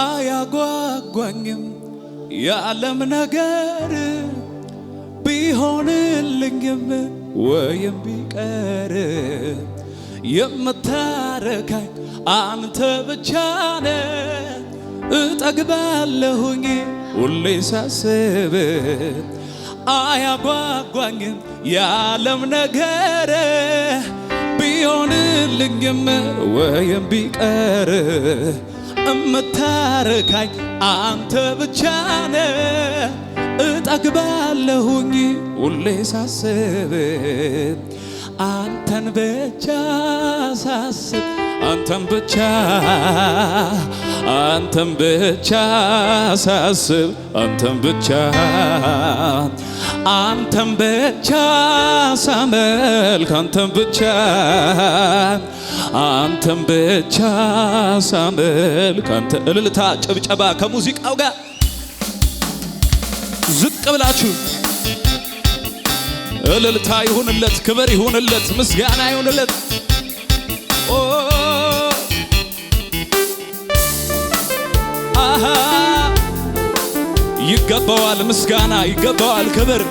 አያጓጓኝም የዓለም ነገር ቢሆንልኝም ወይም ቢቀር የምታረካኝ አንተ ብቻ ነ እጠግባለሁኝ ሁሌ ሳስብ አያጓጓኝም የዓለም ነገር ቢሆንልኝም ወይም ቢቀር እምታረካኝ አንተ ብቻ ነ እጠግባለሁኝ ሁሌ ሳስብ አንተን ብቻ ሳስብ አንተን ብቻ አንተን ብቻ ሳስብ አንተን ብቻ አንተም ብቻ ሳመልክ አንተም ብቻ አንተም ብቻ ሳመልክ አንተ እልልታ ጭብጨባ ከሙዚቃው ጋር ዝቅ ብላችሁ እልልታ ይሁንለት፣ ክብር ይሁንለት፣ ምስጋና ይሁንለት። ይገባዋል ምስጋና፣ ይገባዋል ክብር።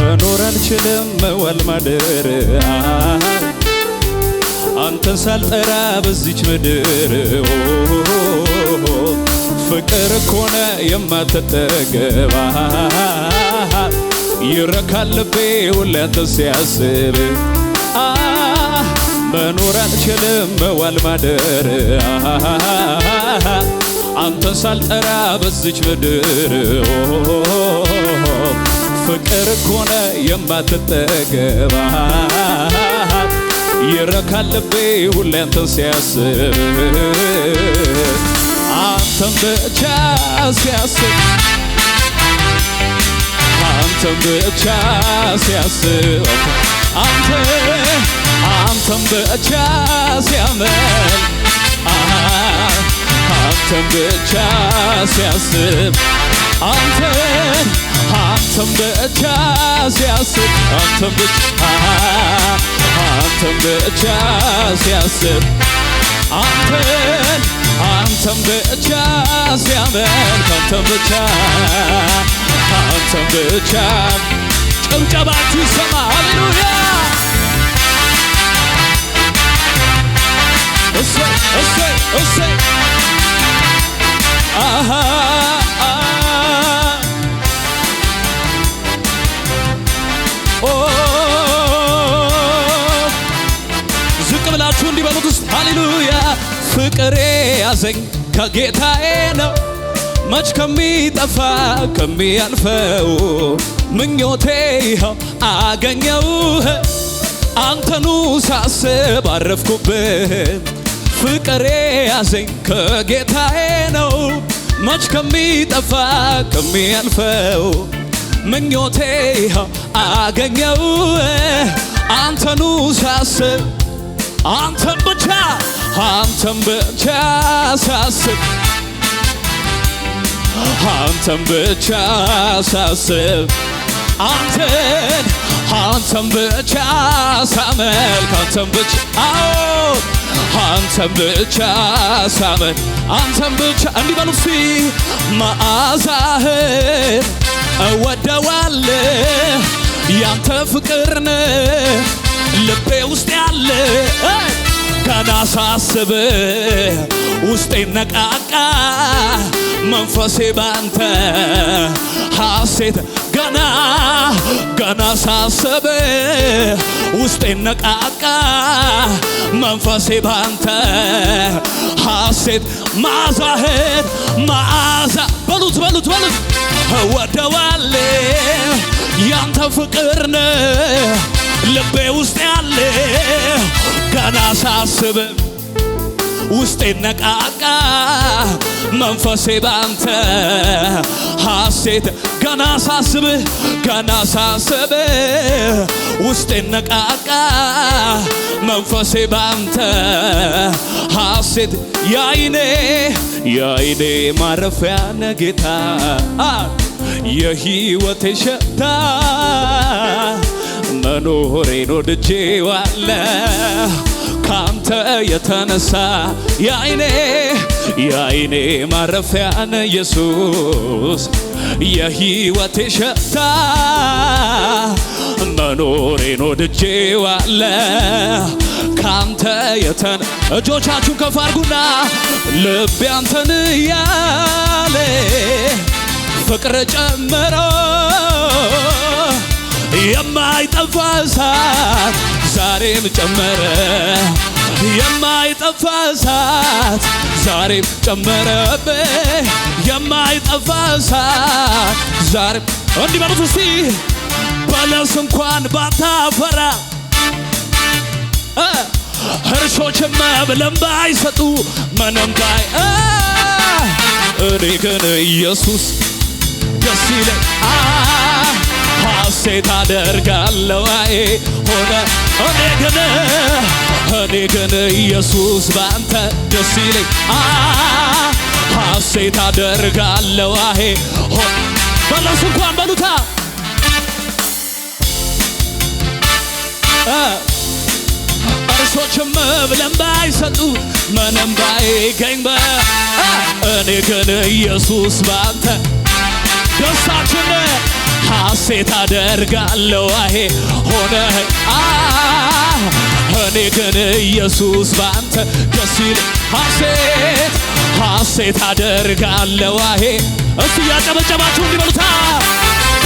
መኖር አልችልም መዋል ማደር አንተን ሳልጠራ በዚች ምድር ፍቅር እኮ ነው የማትጠገባ ይረካል ልቤ ሁለት ሲያስብ መኖር አልችልም መዋል ማደር አንተን ሳልጠራ በዚች ምድር ፍቅር ኮነ የማትጠገባ ይረካል ልቤ ሁሌ አንተን ሲያስብ አንተን ብቻ ሲያስብ 덤벼차 세스 안테 안 덤벼차 세는 아안 덤벼차 세스 안테 안 덤벼차 세스 안 덤벼차 안 덤벼차 세스 안테 안 덤벼차 세는 안 덤벼차 አንተ ብቻ ጭብጨባችሁ ይሰማ። ሃሌሉያ እሰይ እሰይ እሰይ ዝቅ ብላችሁ እንዲህ በሉት ውስጥ ሃሌሉያ ፍቅሬ ያዘኝ ከጌታዬ ነው መች ከሚጠፋ ከሚያልፈው ምኞቴ ይኸው አገኘው አንተኑ ሳስብ አረፍኩብህ ፍቅሬ ያዘኝ ከጌታዬ ነው መች ከሚጠፋ ከሚያልፈው ምኞቴ ይኸው አገኘው አንተኑ ሳስብ አንተን ብቻ አንተን ብቻ ሳስብ አንተን ብቻ ሳስብ አንተን አንተን ብቻ ሳመልክ አንተን ብቻ አንተን ብቻ ሳመልክ አንተን ብቻ እንዲህ በሉ እስቲ መዓዛህን እወደዋለ ያንተ ፍቅር ልቤ ውስጥ ያለ አንተን አሳስብ ውስጤ ነቃቃ መንፈሴ ባንተ ሐሴት ገና ገና ሳስብ ውስጤ ነቃቃ መንፈሴ ባንተ ሐሴት ማዛህን ማዓዛ በሉት በሉት በሉት እወደዋለሁ ያንተ ፍቅር ነው ልቤ ውስጥ ያለ ገና ሳስብ ውስጤ ነቃቃ መንፈሴ ባንተ ሐሴት ገና ሳስብ ገና ሳስብ ውስጤ ነቃቃ መንፈሴ ባንተ ሐሴት ያይኔ ያይኔ ማረፊያ ነጌታ የህይወቴ ሸታ መኖሬን ወድጄዋለሁ ካንተ የተነሳ የአይኔ የአይኔ ማረፊያን ኢየሱስ የሕይወቴ ሸታ መኖሬን ወድጄዋለሁ ካንተ የተነ እጆቻችሁን ከፍ አድርጉና ልቤ እያለ ፍቅር ጨመረው የማይጠፋ እሳት ዛሬም ጨመረ የማይጠፋ እሳት ዛሬም ጨመረብህ የማይጠፋ እሳት ዛሬም እንዲህ እስቲ በለስ እንኳን ባታፈራ እርሾች መብልን ባይሰጡ ምንም ባይ እኔ ግን ኢየሱስ ደስ ይለኝ ሐሴት አደርጋለሁ ሆነ እኔ ግን እኔ ግን ኢየሱስ በአንተ ደስ ይለኝ ሐሴት አደርጋለሁ በለሱ እንኳን በሉታ እርሶችም ብለን ባይሰጡ ምንም ባይገኝ እኔ ግን ኢየሱስ በአንተ ደስታችን ሐሴት አደርጋለሁ አሄ ሆነ እኔ ግን ኢየሱስ ባንተ ደስ ይል ሐሴት ሐሴት አደርጋለሁ አሄ እስቲ ያጨበጨባችሁ እንዲበሉታ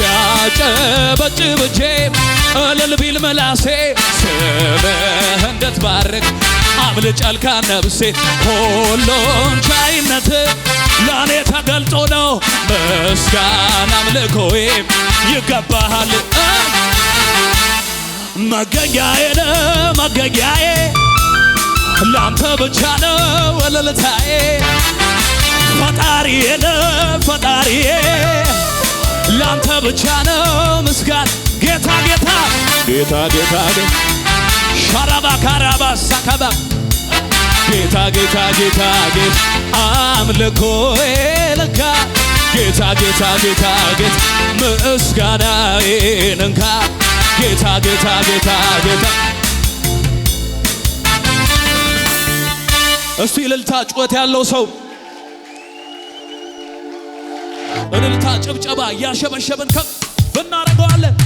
ያጨበጭብቼ እልል ቢል መላሴ ስምህ እንድትባረክ አምልጫል ከነፍሴ ሁሉን ቻይነት ለእኔ ተገልጦ ነው ምስጋና አምልኮዬ ይገባሃል መገኛዬ ነው መገኛዬ ላንተ ብቻ ነው እልልታዬ ፈጣሪ ነው ፈጣሪ ላንተ ብቻ ነው ምስጋና ጌታ ጌታ ጌታ ጌታ ሻራባ ካራባ ሳካባ ጌታ ጌታ ጌታ ጌታ አምልኮዬ ለካ ጌታ ጌታ ጌታ ጌታ ምስጋናዬን እንካ ጌታ ጌታ ጌታ ጌታ እስቲ እልልታ ጩኸት ያለው ሰው እልልታ ጭብጨባ እያሸበሸብን ከፍ እናደርገዋለን።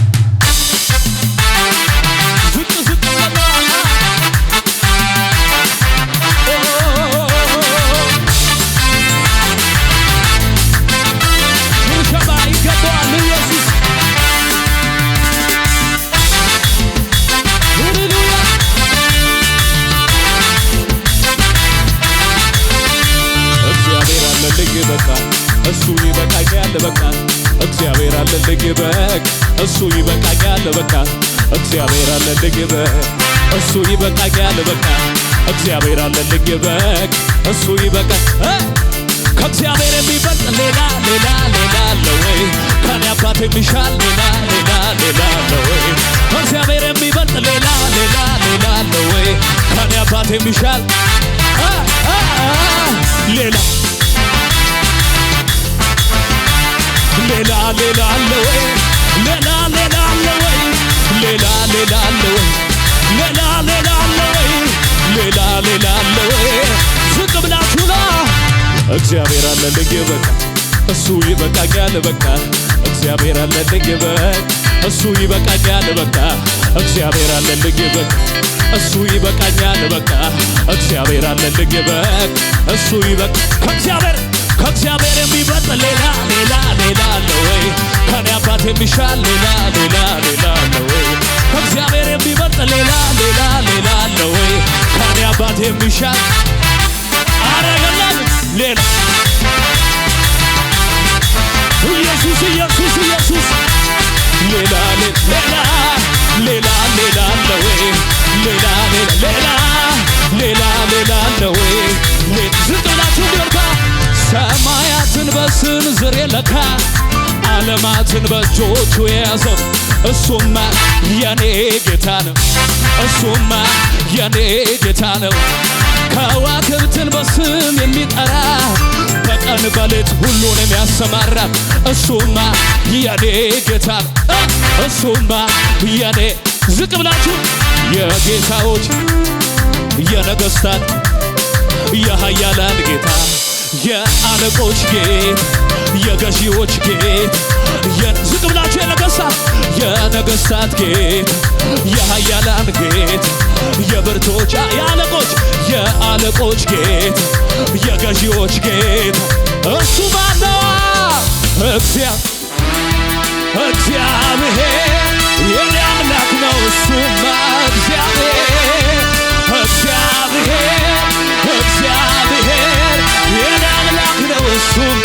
አለልግበክ እሱ ይበቃኛል በቃ እግዚአብሔር አለልግበክ እሱ ይበቃኛል በቃ እግዚአብሔር አለልግበክ እሱ ይበቃ ከእግዚአብሔር የሚበልጥ ሌላ ሌላ ሌላ አለ ወይ? ከኔ አባት የሚሻል ሌላ ሌላ ሌላ አለ ወይ? ከእግዚአብሔር የሚበልጥ ሌላ ሌላ ሌላ አለ ወይ? ከኔ አባት የሚሻል ሌላ ሌላ ሌላ አለ ወይ? ሌላ ሌላ አለ ወይ? ሌላ ሌላ አለ ወይ? ሌላ ሌላ አለ ወይ? ሌላ ሌላ አለ ወይ? ዝቅ ብላችሁና እግዚአብሔር አለልኝ በቃ እሱ ይበቃኛል በቃ እግዚአብሔር አለልኝ በቃ እሱ ይበቃኛል በቃ እግዚአብሔር አለልኝ በቃ እሱ ይበቃኛል በቃ እግዚአብሔር አለልኝ በቃ እሱ ይበቃ ከኔ የሚበልጥ ሌላ ሌላ ሌላ አለ ወይ? ከኔ አባት የሚሻል ሌላ ሌላ ሌላ አለ ወይ? እግዚአብሔር የሚበልጥ ሌላ ሌላ ሌላ አለ ወይ? ከኔ አባት የሚሻል አረገላል ሌላ ኢየሱስ ኢየሱስ ኢየሱስ ሌላ ሌላ ሞትን በእጆቹ የያዘው እሱማ የኔ ጌታ ነው። እሱማ የኔ ጌታ ነው። ከዋክብትን በስም የሚጠራ በቀን በሌት ሁሉን የሚያሰማራ እሱማ የኔ ጌታ ነው። እሱማ የኔ ዝቅ ብላችሁ የጌታዎች የነገስታት የኃያላን ጌታ የአለቆች ጌታ የገዢዎች ጌት ዝቅ ብላችሁ የነገሥታት የነገሥታት ጌት የኃያላን ጌት የብርቶች የአለቆች የአለቆች ጌት የገዢዎች ጌት እሱ ማነው? እግዚአብሔር የኔ አምላክ ነው። እሱማ እግዚአብሔር እግዚአብሔር እግዚአብሔር የኔ አምላክ ነው እሱም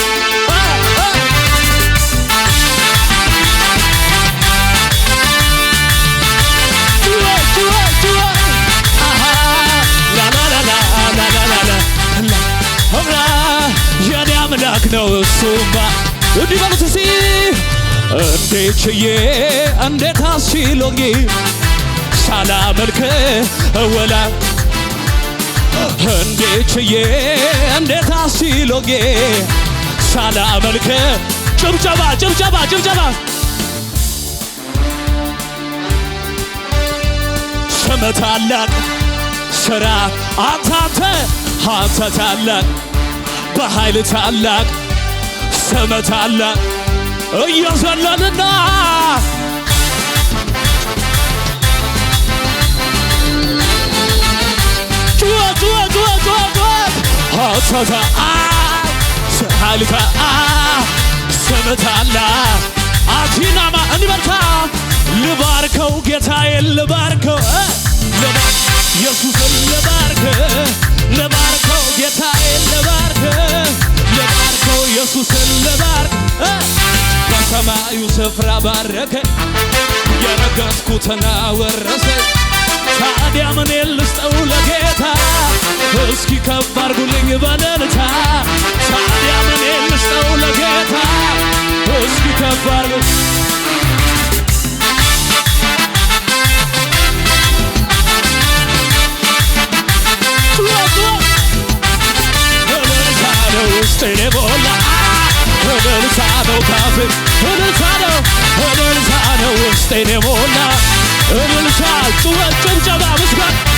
ነው እሱማ እንዲህ በሉት እስኪ እንዴት ችዬ እንዴት አስችሎኝ ሳላመልክ እወላ እንዴት ችዬ እንዴት አስችሎኝ ሳላመልክ ጭብጨባ ጭብጨባ ጭብጨባ ስም ታላቅ ስራ አንተ አንተ አንተ ታላቅ በኃይል ታላቅ ሰመት አለ እየዘለልና ሐሰተ ሰሃልተ አቲናማ እንበርታ ልባርከው ጌታዬን ልባርከው ኢየሱስን ልባርክ ልባርከው ጌታዬን ልባርክ ኢየሱስን ልባርክ በሰማዩ ስፍራ ባረከ የረገጥኩትን አወረሰ ታዲያ ምን ልስጠው ለጌታ እስኪ ከፍ አድርጉልኝ በደልታ ታዲያ ምን ልስጠው ለጌታ እስኪ ከፍ አድርጉ ውስጤን የሞላ እልልታ ጩኸት ጭብጨባ ምስጋና